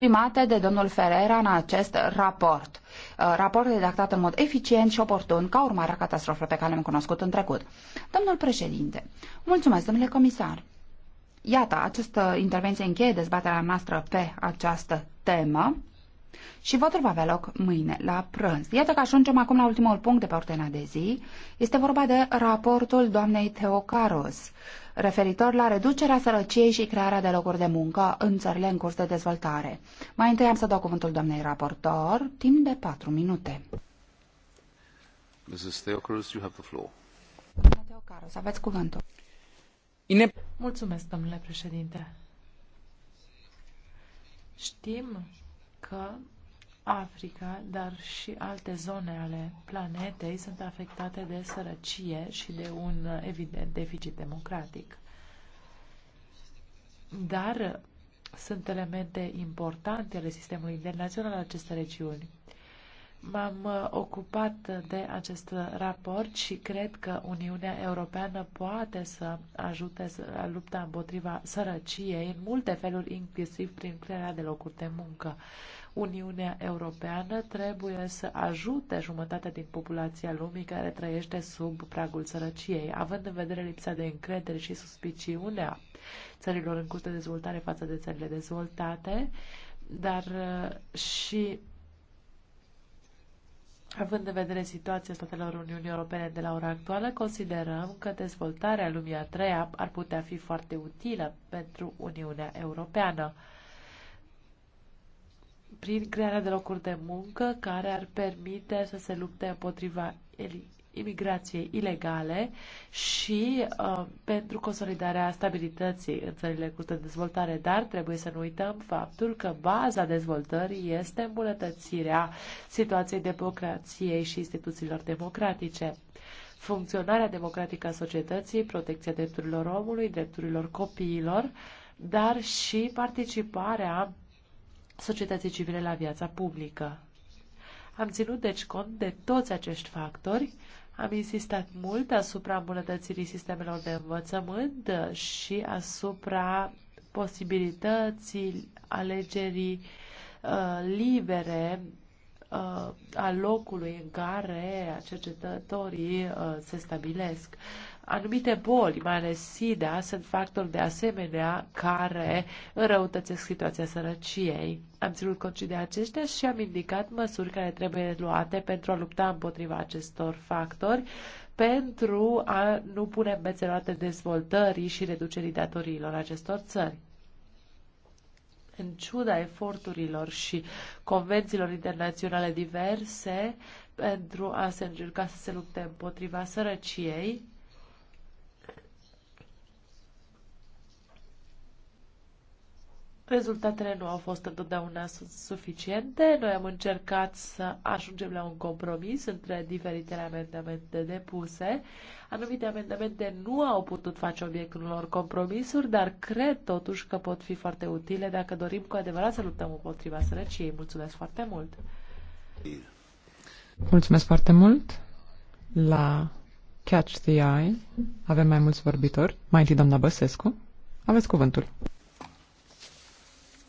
exprimate de domnul Ferreira în acest raport. Uh, raport redactat în mod eficient și oportun ca urmare a catastrofelor pe care le-am cunoscut în trecut. Domnul președinte, mulțumesc, domnule comisar. Iată, această intervenție încheie dezbaterea noastră pe această temă. Și votul va avea loc mâine, la prânz. Iată că ajungem acum la ultimul punct de pe ordinea de zi. Este vorba de raportul doamnei Teocaros, referitor la reducerea sărăciei și crearea de locuri de muncă în țările în curs de dezvoltare. Mai întâi am să dau cuvântul doamnei raportor, timp de patru minute. Mrs. Theocaros, you have the floor. Doamna Teocaros, aveți cuvântul. Ine... Mulțumesc, domnule președinte. Știm că Africa, dar și alte zone ale planetei sunt afectate de sărăcie și de un evident deficit democratic. Dar sunt elemente importante ale sistemului internațional al acestei regiuni. M-am uh, ocupat de acest raport și cred că Uniunea Europeană poate să ajute să lupta împotriva sărăciei în multe feluri, inclusiv prin crearea de locuri de muncă. Uniunea Europeană trebuie să ajute jumătate din populația lumii care trăiește sub pragul sărăciei, având în vedere lipsa de încredere și suspiciunea țărilor în curs de dezvoltare față de țările dezvoltate, dar uh, și Având în vedere situația statelor Uniunii Europene de la ora actuală, considerăm că dezvoltarea lumii a treia ar putea fi foarte utilă pentru Uniunea Europeană prin crearea de locuri de muncă care ar permite să se lupte împotriva imigrației ilegale și uh, pentru consolidarea stabilității în țările cu dezvoltare, dar trebuie să nu uităm faptul că baza dezvoltării este îmbunătățirea situației democrației și instituțiilor democratice funcționarea democratică a societății, protecția drepturilor omului, drepturilor copiilor, dar și participarea societății civile la viața publică. Am ținut deci cont de toți acești factori, am insistat mult asupra îmbunătățirii sistemelor de învățământ și asupra posibilității alegerii uh, libere uh, a locului în care cercetătorii uh, se stabilesc. Anumite boli, mai ales SIDA, sunt factori de asemenea care înrăutățesc situația sărăciei. Am ținut cont și de aceștia și am indicat măsuri care trebuie luate pentru a lupta împotriva acestor factori, pentru a nu pune în dezvoltării și reducerii datoriilor acestor țări în ciuda eforturilor și convențiilor internaționale diverse pentru a se încerca să se lupte împotriva sărăciei, Rezultatele nu au fost întotdeauna suficiente. Noi am încercat să ajungem la un compromis între diferitele amendamente depuse. Anumite amendamente nu au putut face obiectul unor compromisuri, dar cred totuși că pot fi foarte utile dacă dorim cu adevărat să luptăm împotriva sărăciei. Mulțumesc foarte mult! Mulțumesc foarte mult! La Catch the Eye avem mai mulți vorbitori. Mai întâi doamna Băsescu. Aveți cuvântul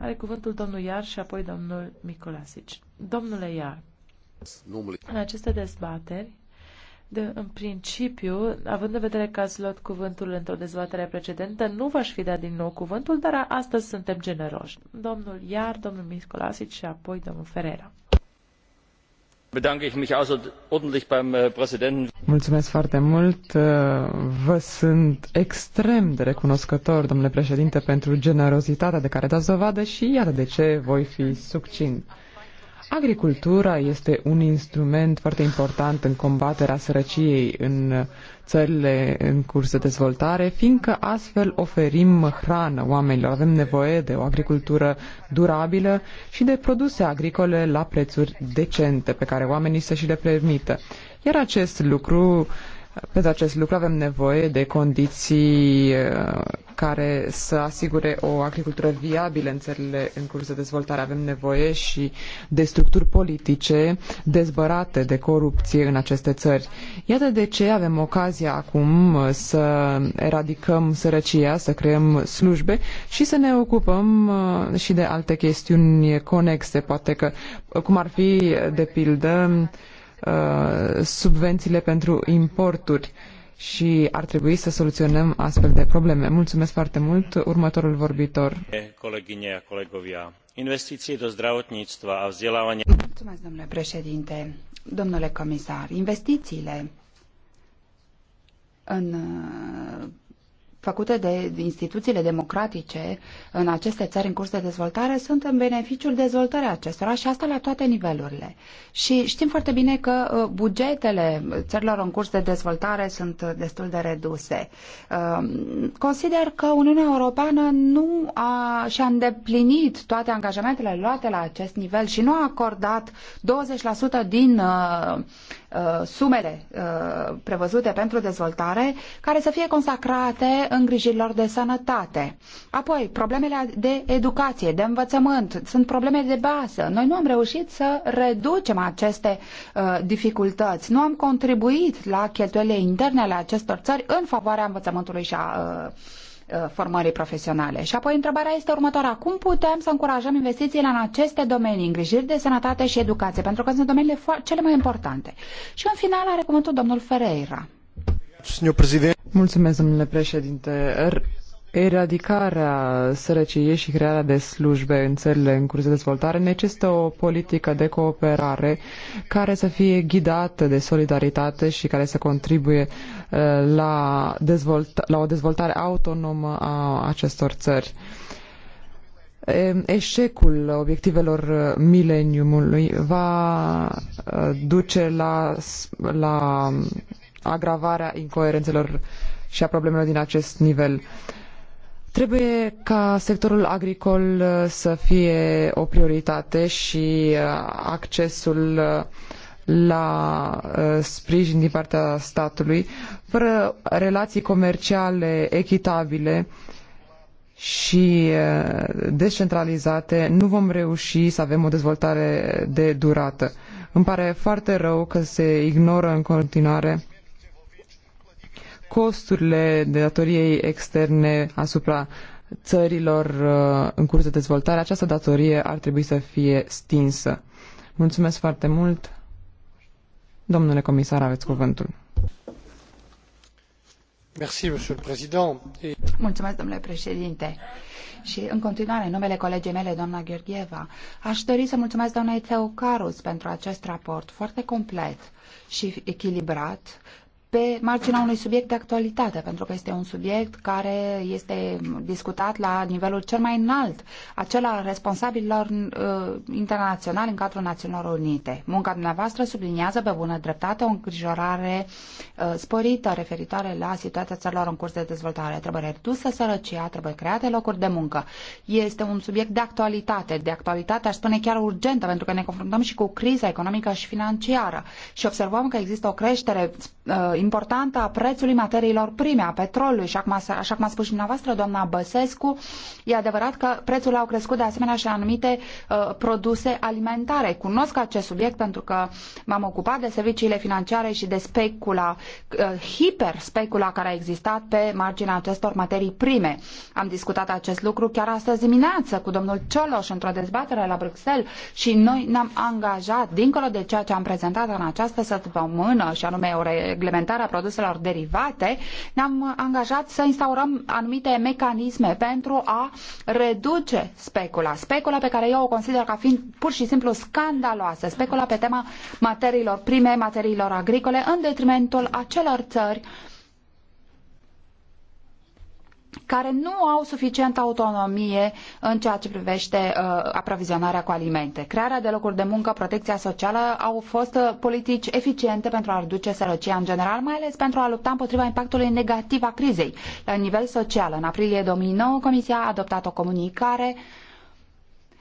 Are cuvântul domnul Iar și apoi domnul Micolasici. Domnule Iar, în aceste dezbateri, de, în principiu, având în vedere că ați luat cuvântul într-o dezbatere precedentă, nu v-aș fi dat din nou cuvântul, dar astăzi suntem generoși. Domnul Iar, domnul Micolasici și apoi domnul Ferera bedanke ich mich außerordentlich beim äh, Präsidenten. Mulțumesc foarte mult. Äh, vă sunt extrem de recunoscător, domnule președinte, pentru generozitatea de care dați dovadă și iată de ce voi fi succint. Agricultura este un instrument foarte important în combaterea sărăciei în țările în curs de dezvoltare, fiindcă astfel oferim hrană oamenilor. Avem nevoie de o agricultură durabilă și de produse agricole la prețuri decente pe care oamenii să și le permită. Iar acest lucru pentru acest lucru avem nevoie de condiții uh, care să asigure o agricultură viabilă în țările în curs de dezvoltare. Avem nevoie și de structuri politice dezbărate de corupție în aceste țări. Iată de ce avem ocazia acum uh, să eradicăm sărăcia, să creăm slujbe și să ne ocupăm uh, și de alte chestiuni conexe, poate că, cum ar fi, de pildă, Uh, subvențiile pentru importuri și ar trebui să soluționăm astfel de probleme. Mulțumesc foarte mult. Următorul vorbitor. Colegine, colegovia. Investiții do zdravotnictva Mulțumesc, domnule președinte. Domnule comisar, investițiile în făcute de instituțiile democratice în aceste țări în curs de dezvoltare sunt în beneficiul dezvoltării acestora și asta la toate nivelurile. Și știm foarte bine că uh, bugetele țărilor în curs de dezvoltare sunt destul de reduse. Um, consider că Uniunea Europeană nu a, și-a îndeplinit toate angajamentele luate la acest nivel și nu a acordat 20% din uh, Uh, sumele uh, prevăzute pentru dezvoltare care să fie consacrate îngrijirilor de sănătate. Apoi, problemele de educație, de învățământ, sunt probleme de bază. Noi nu am reușit să reducem aceste uh, dificultăți. Nu am contribuit la cheltuielile interne ale acestor țări în favoarea învățământului și a uh, Uh, formării profesionale. Și apoi întrebarea este următoarea. Cum putem să încurajăm investițiile în aceste domenii, îngrijiri de sănătate și educație, pentru că sunt domeniile cele mai importante. Și în final are cuvântul domnul Ferreira. Mulțumesc, domnule președinte. Eradicarea sărăciei și crearea de slujbe în țările în curs de dezvoltare necesită o politică de cooperare care să fie ghidată de solidaritate și care să contribuie uh, la, dezvolta- la o dezvoltare autonomă a acestor țări eșecul obiectivelor mileniumului va uh, duce la, la agravarea incoerențelor și a problemelor din acest nivel. Uh, Trebuie ca sectorul agricol uh, să fie o prioritate și uh, accesul uh, la sprijin din partea statului, fără relații comerciale echitabile și descentralizate, nu vom reuși să avem o dezvoltare de durată. Îmi pare foarte rău că se ignoră în continuare costurile de datoriei externe asupra țărilor uh, în curs de dezvoltare, această datorie ar trebui să fie stinsă. Mulțumesc foarte mult. Domnule comisar, aveți cuvântul. Mulțumesc, domnule președinte. Și în continuare, în numele colegii mele, doamna Gheorgheva, aș dori să mulțumesc doamnei Teocarus pentru acest raport foarte complet și echilibrat, pe marginea unui subiect de actualitate, pentru că este un subiect care este discutat la nivelul cel mai înalt, acela responsabililor uh, internaționali în cadrul Națiunilor Unite. Munca dumneavoastră subliniază pe bună dreptate o îngrijorare uh, sporită referitoare la situația țărilor în curs de dezvoltare. Trebuie redusă sărăcia, trebuie create locuri de muncă. Este un subiect de actualitate, de actualitate aș spune chiar urgentă, pentru că ne confruntăm și cu criza economică și financiară și observăm că există o creștere uh, importantă a prețului materiilor prime, a petrolului și acum, așa cum a spus și dumneavoastră, doamna Băsescu, e adevărat că prețul au crescut de asemenea și anumite uh, produse alimentare. Cunosc acest subiect pentru că m-am ocupat de serviciile financiare și de specula, uh, hiperspecula care a existat pe marginea acestor materii prime. Am discutat acest lucru chiar astăzi dimineață cu domnul Cioloș într-o dezbatere la Bruxelles și noi ne-am angajat, dincolo de ceea ce am prezentat în această săptămână, și anume o reglementare reglementare a produselor derivate, ne-am angajat să instaurăm anumite mecanisme pentru a reduce specula. Specula pe care eu o consider ca fiind pur și simplu scandaloasă, specula pe tema materiilor prime, materiilor agricole, în detrimentul acelor țări care nu au suficientă autonomie în ceea ce privește uh, aprovizionarea cu alimente. Crearea de locuri de muncă, protecția socială au fost uh, politici eficiente pentru a reduce sărăcia în general, mai ales pentru a lupta împotriva impactului negativ a crizei la nivel social. În aprilie 2009, Comisia a adoptat o comunicare uh,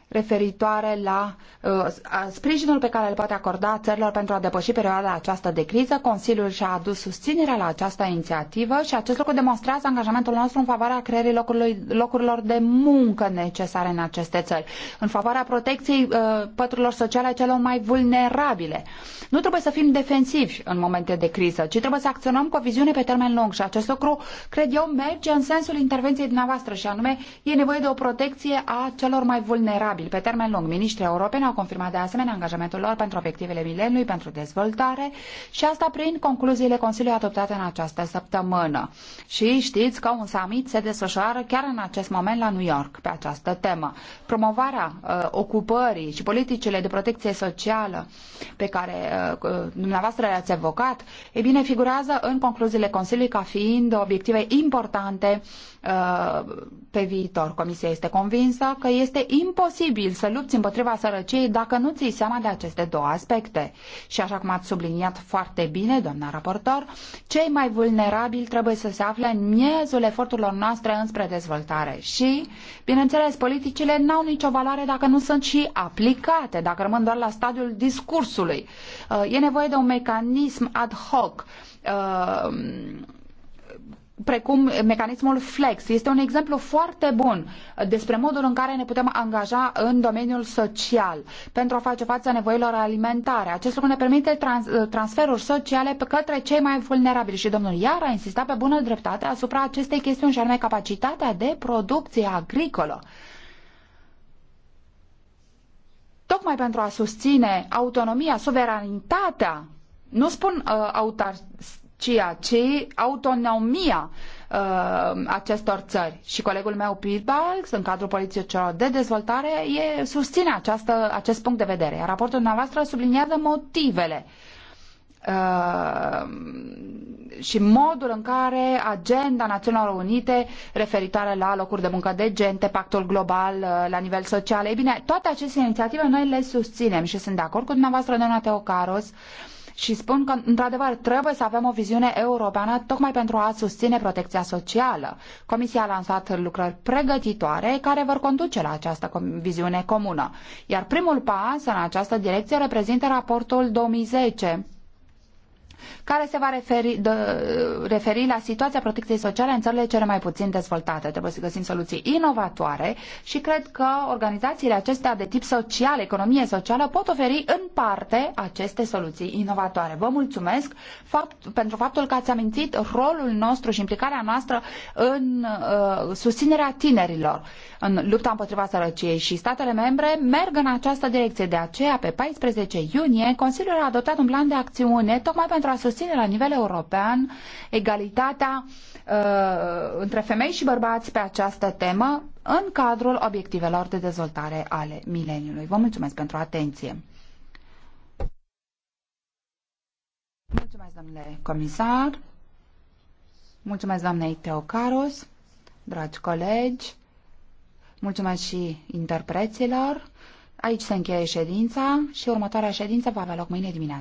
referitoare la uh, sprijinul pe care îl poate acorda țărilor pentru a depăși perioada aceasta de criză. Consiliul și-a adus susținerea la această inițiativă și acest lucru demonstrează angajamentul nostru în favoarea creării locurilor de muncă necesare în aceste țări, în favoarea protecției uh, păturilor sociale celor mai vulnerabile. Nu trebuie să fim defensivi în momente de criză, ci trebuie să acționăm cu o viziune pe termen lung și acest lucru, cred eu, merge în sensul intervenției dumneavoastră și anume e nevoie de o protecție a celor mai vulnerabile durabil pe termen lung. Ministrii europeni au confirmat de asemenea angajamentul lor pentru obiectivele mileniului, pentru dezvoltare și asta prin concluziile Consiliului adoptate în această săptămână. Și știți că un summit se desfășoară chiar în acest moment la New York pe această temă. Promovarea uh, ocupării și politicile de protecție socială pe care uh, uh dumneavoastră le-ați evocat, e bine, figurează în concluziile Consiliului ca fiind obiective importante uh, pe viitor. Comisia este convinsă că este imposibil posibil să lupți împotriva sărăciei dacă nu ții seama de aceste două aspecte. Și așa cum ați subliniat foarte bine, doamna raportor, cei mai vulnerabili trebuie să se afle în miezul eforturilor noastre înspre dezvoltare. Și, bineînțeles, politicile n-au nicio valoare dacă nu sunt și aplicate, dacă rămân doar la stadiul discursului. Uh, e nevoie de un mecanism ad hoc uh, precum mecanismul Flex. Este un exemplu foarte bun despre modul în care ne putem angaja în domeniul social pentru a face față nevoilor alimentare. Acest lucru ne permite trans- transferuri sociale pe către cei mai vulnerabili și domnul Iar a insistat pe bună dreptate asupra acestei chestiuni și anume capacitatea de producție agricolă. Tocmai pentru a susține autonomia, suveranitatea, nu spun uh, autar ceea ce autonomia uh, acestor țări. Și colegul meu, Pitbalx, în cadrul celor de dezvoltare, e, susține această, acest punct de vedere. Iar raportul dumneavoastră subliniază motivele uh, și modul în care agenda Națiunilor Unite referitoare la locuri de muncă decente, pactul global uh, la nivel social, e bine, toate aceste inițiative noi le susținem și sunt de acord cu dumneavoastră, doamna Teocaros, și spun că, într-adevăr, trebuie să avem o viziune europeană tocmai pentru a susține protecția socială. Comisia a lansat lucrări pregătitoare care vor conduce la această viziune comună. Iar primul pas în această direcție reprezintă raportul 2010 care se va referi, de, referi la situația protecției sociale în țările cele mai puțin dezvoltate. Trebuie să găsim soluții inovatoare și cred că organizațiile acestea de tip social, economie socială, pot oferi în parte aceste soluții inovatoare. Vă mulțumesc fapt, pentru faptul că ați amintit rolul nostru și implicarea noastră în uh, susținerea tinerilor în lupta împotriva sărăciei și statele membre merg în această direcție. De aceea, pe 14 iunie, Consiliul a adoptat un plan de acțiune tocmai pentru pentru a susține la nivel european egalitatea uh, între femei și bărbați pe această temă în cadrul obiectivelor de dezvoltare ale mileniului. Vă mulțumesc pentru atenție. Mulțumesc, domnule comisar. Mulțumesc, doamnei Teocaros, dragi colegi. Mulțumesc și interpreților. Aici se încheie ședința și următoarea ședință va avea loc mâine dimineață.